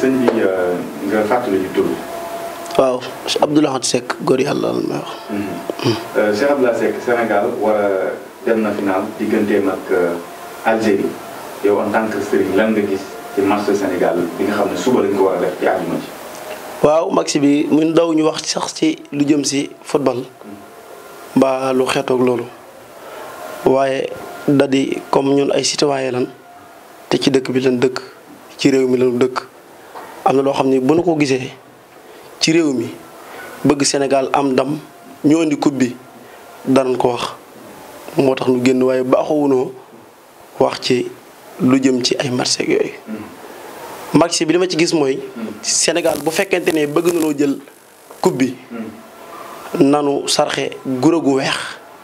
sëñ bi euh, nga fàttali ñu tur. waaw Abdou Lahad Seck góor yàlla wax. Mhm. Mhm. Euh, Cheikh Abdou Lahad dem na final digganteem ak euh, Algérie yow en tant que sëriñ lan nga gis ci match Sénégal bi nga xam ne suba lañ ko war a def ci àjjuma ji. waaw match bi mun daw ñu wax sax ci lu jëm si football. mbaa lu xeetoog loolu. waaye da comme ñun ay citoyen lan te ci dëkk bi lan dëkk ci réew mi lan dëkk. am na loo xam ne bu nu ko gisee ci réew mi bëgg senegal am ndam ñoo indi coupe bi danañ ko wax moo tax nu génn waaye baaxoowunoo wax ci lu jëm ci ay marché yooyu. marché bi li ma ci gis mooy. Sénégal bu fekkente ne bëgg na loo jël coupe bi. nanu sarxe guro gu weex.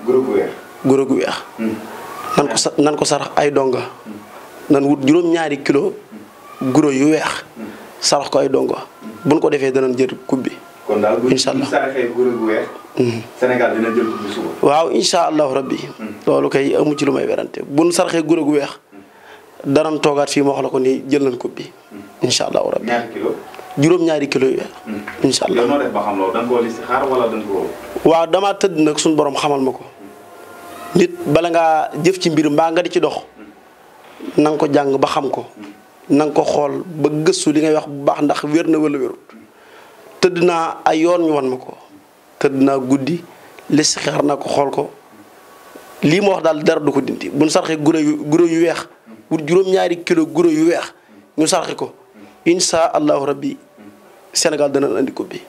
guro gu weex guro gu weex. Hmm. nan ko sa ay donga hmm. nan wut juróom-ñaari kilo guro yu weex. Hmm. sarax ko ay bu buñ ko defee danañ jël coupe bi. kon daal bu ñu mhm. Sénégal dina jël bi waaw incha allahu rabbi. Mhm. loolu kay amu ci lu may werante buñ saraxee guro gu weex. danañ toogaat fii ma wax la ko ni jël nañ coupe bi. Mhm. incha allahu rabbi juróom-ñaari kilo yu weex. incha waaw damaa tëdd nag suñu borom xamal ma ko. nit bala ngaa jëf ci mbir mbaa nga di ci dox. na ko jàng ba xam ko. na nga ko xool ba gëstu li ngay wax bu baax ndax wér na wala wérut tëdd naa ay yoon ñu wan ma ko tëdd naa guddi listixaar na ko xool ko lii ma wax daal dara du ko bu buñ sarxee guro yu guro yu weex wut juróom-ñaari kilo guro yu weex ñu sarxe ko insha allahu rabbi Sénégal dana andi ko bi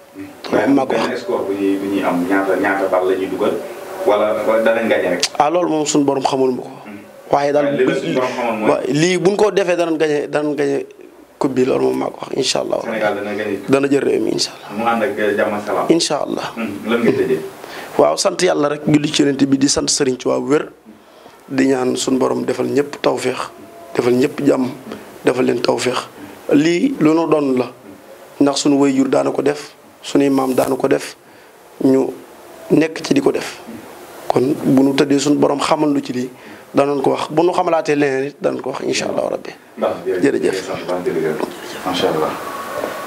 maa ko wax bu ñuy am ñaata ñaata bal la ñuy dugal ah, loolu moom suñu borom xamul ma ko. waaye daal lii buñ ko defee danañ gañe danañ gañe ko bi loolu moom maa wax incha allah. Sénégal dana gañe dana jël réew mi incha allah. mu euh, allah. Hmm, waaw sant yàlla rek julli ci yonent bi di sant Serigne Touba wér di ñaan suñu borom defal ñëpp tawféex defal ñëpp jàmm defal leen tawféex lii lu nu doon la ndax suñu wayjur daana ko def suñuy maam daana ko def ñu nekk ci di ko def. kon bu nu tëddee suñu borom xamal lu ci lii danoon ko wax bu nu xamalaatee leneen it danoon ko wax incha allah rabbi jërëjëf macha